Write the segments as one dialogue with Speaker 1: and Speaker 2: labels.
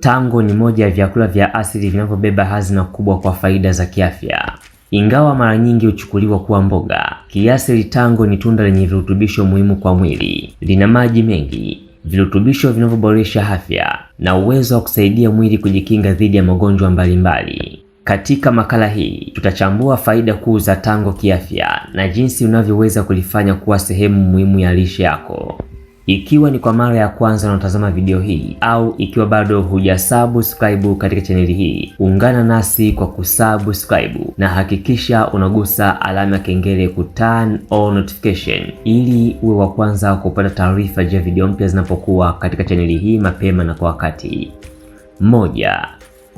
Speaker 1: Tango ni moja ya vyakula vya asili vinavyobeba hazina kubwa kwa faida za kiafya. Ingawa mara nyingi huchukuliwa kuwa mboga, kiasili tango ni tunda lenye virutubisho muhimu kwa mwili. Lina maji mengi, virutubisho vinavyoboresha afya na uwezo wa kusaidia mwili kujikinga dhidi ya magonjwa mbalimbali. Katika makala hii tutachambua faida kuu za tango kiafya na jinsi unavyoweza kulifanya kuwa sehemu muhimu ya lishe yako. Ikiwa ni kwa mara ya kwanza unatazama video hii au ikiwa bado hujasubscribe katika chaneli hii, ungana nasi kwa kusubscribe na hakikisha unagusa alama ya kengele ku turn on notification ili uwe wa kwanza kupata taarifa za video mpya zinapokuwa katika chaneli hii mapema na kwa wakati. Moja,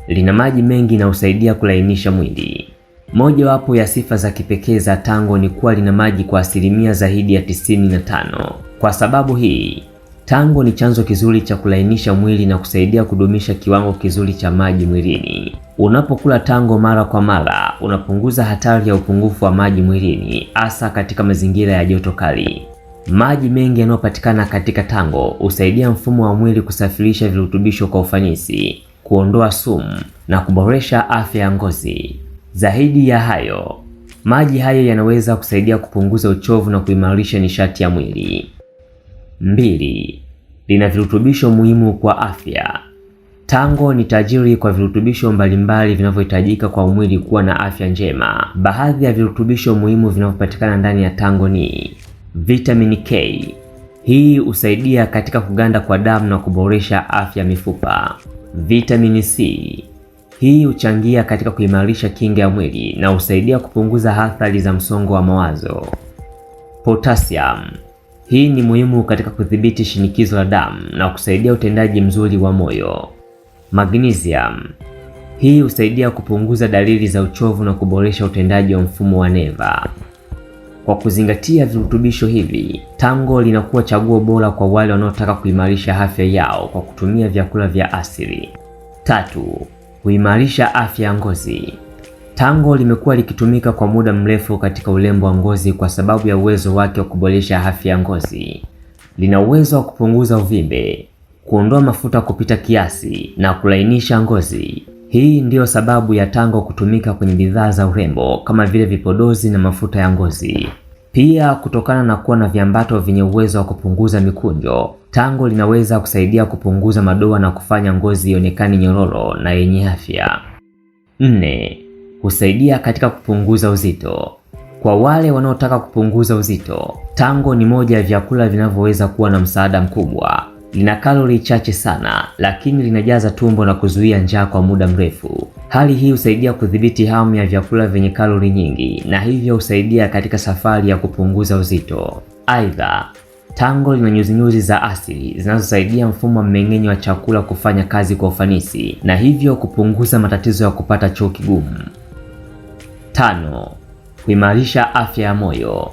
Speaker 1: lina maji mengi na husaidia kulainisha mwili. Mojawapo ya sifa za kipekee za tango ni kuwa lina maji kwa asilimia zaidi ya 95. Kwa sababu hii, tango ni chanzo kizuri cha kulainisha mwili na kusaidia kudumisha kiwango kizuri cha maji mwilini. Unapokula tango mara kwa mara, unapunguza hatari ya upungufu wa maji mwilini, hasa katika mazingira ya joto kali. Maji mengi yanayopatikana katika tango husaidia mfumo wa mwili kusafirisha virutubisho kwa ufanisi, kuondoa sumu na kuboresha afya ya ngozi. Zaidi ya hayo, maji hayo yanaweza kusaidia kupunguza uchovu na kuimarisha nishati ya mwili. Mbili, lina virutubisho muhimu kwa afya. Tango ni tajiri kwa virutubisho mbalimbali vinavyohitajika kwa mwili kuwa na afya njema. Baadhi ya virutubisho muhimu vinavyopatikana ndani ya tango ni vitamini K. Hii husaidia katika kuganda kwa damu na kuboresha afya mifupa. Vitamini C. Hii huchangia katika kuimarisha kinga ya mwili na husaidia kupunguza athari za msongo wa mawazo. Potassium. Hii ni muhimu katika kudhibiti shinikizo la damu na kusaidia utendaji mzuri wa moyo. Magnesium. Hii husaidia kupunguza dalili za uchovu na kuboresha utendaji wa mfumo wa neva. Kwa kuzingatia virutubisho hivi, tango linakuwa chaguo bora kwa wale wanaotaka kuimarisha afya yao kwa kutumia vyakula vya asili. Tatu, kuimarisha afya ya ngozi. Tango limekuwa likitumika kwa muda mrefu katika urembo wa ngozi kwa sababu ya uwezo wake wa kuboresha afya ya ngozi. Lina uwezo wa kupunguza uvimbe, kuondoa mafuta kupita kiasi na kulainisha ngozi. Hii ndiyo sababu ya tango kutumika kwenye bidhaa za urembo kama vile vipodozi na mafuta ya ngozi. Pia kutokana na kuwa na viambato vyenye uwezo wa kupunguza mikunjo, tango linaweza kusaidia kupunguza madoa na kufanya ngozi ionekane nyororo na yenye afya. Nne, husaidia katika kupunguza uzito. Kwa wale wanaotaka kupunguza uzito, tango ni moja ya vyakula vinavyoweza kuwa na msaada mkubwa. Lina kalori chache sana, lakini linajaza tumbo na kuzuia njaa kwa muda mrefu. Hali hii husaidia kudhibiti hamu ya vyakula vyenye kalori nyingi na hivyo husaidia katika safari ya kupunguza uzito. Aidha, tango lina nyuzinyuzi za asili zinazosaidia mfumo wa mmeng'enyo wa chakula kufanya kazi kwa ufanisi na hivyo kupunguza matatizo ya kupata choo kigumu. Tano, kuimarisha afya ya moyo.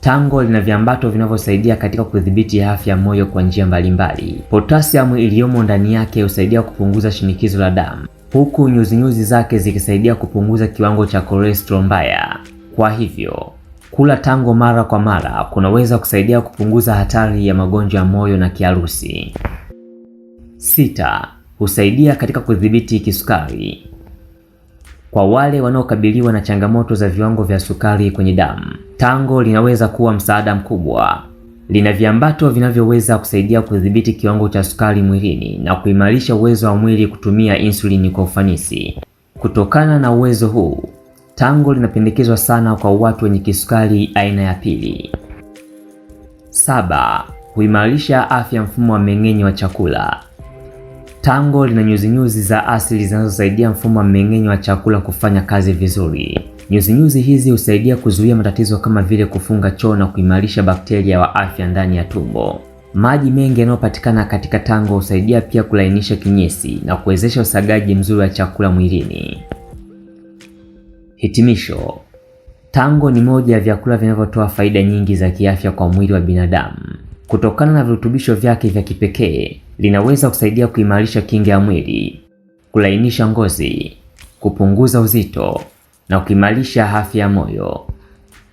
Speaker 1: Tango lina viambato vinavyosaidia katika kudhibiti afya ya moyo kwa njia mbalimbali. Potasiamu iliyomo ndani yake husaidia kupunguza shinikizo la damu, huku nyuzinyuzi zake zikisaidia kupunguza kiwango cha cholesterol mbaya. Kwa hivyo kula tango mara kwa mara kunaweza kusaidia kupunguza hatari ya magonjwa ya moyo na kiharusi. Sita, husaidia katika kudhibiti kisukari. Kwa wale wanaokabiliwa na changamoto za viwango vya sukari kwenye damu, tango linaweza kuwa msaada mkubwa. Lina viambato vinavyoweza kusaidia kudhibiti kiwango cha sukari mwilini na kuimarisha uwezo wa mwili kutumia insulini kwa ufanisi. Kutokana na uwezo huu, tango linapendekezwa sana kwa watu wenye kisukari aina ya pili. Saba, huimarisha afya mfumo wa mmeng'enyo wa chakula. Tango lina nyuzinyuzi za asili zinazosaidia mfumo wa mmeng'enyo wa chakula kufanya kazi vizuri. Nyuzinyuzi hizi husaidia kuzuia matatizo kama vile kufunga choo na kuimarisha bakteria wa afya ndani ya tumbo. Maji mengi yanayopatikana katika tango husaidia pia kulainisha kinyesi na kuwezesha usagaji mzuri wa chakula mwilini. Hitimisho. Tango ni moja ya vyakula vinavyotoa faida nyingi za kiafya kwa mwili wa binadamu. Kutokana na virutubisho vyake vya kipekee linaweza kusaidia kuimarisha kinga ya mwili, kulainisha ngozi, kupunguza uzito na kuimarisha afya ya moyo.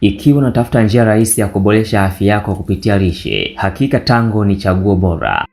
Speaker 1: Ikiwa unatafuta njia rahisi ya kuboresha afya yako kupitia lishe, hakika tango ni chaguo bora.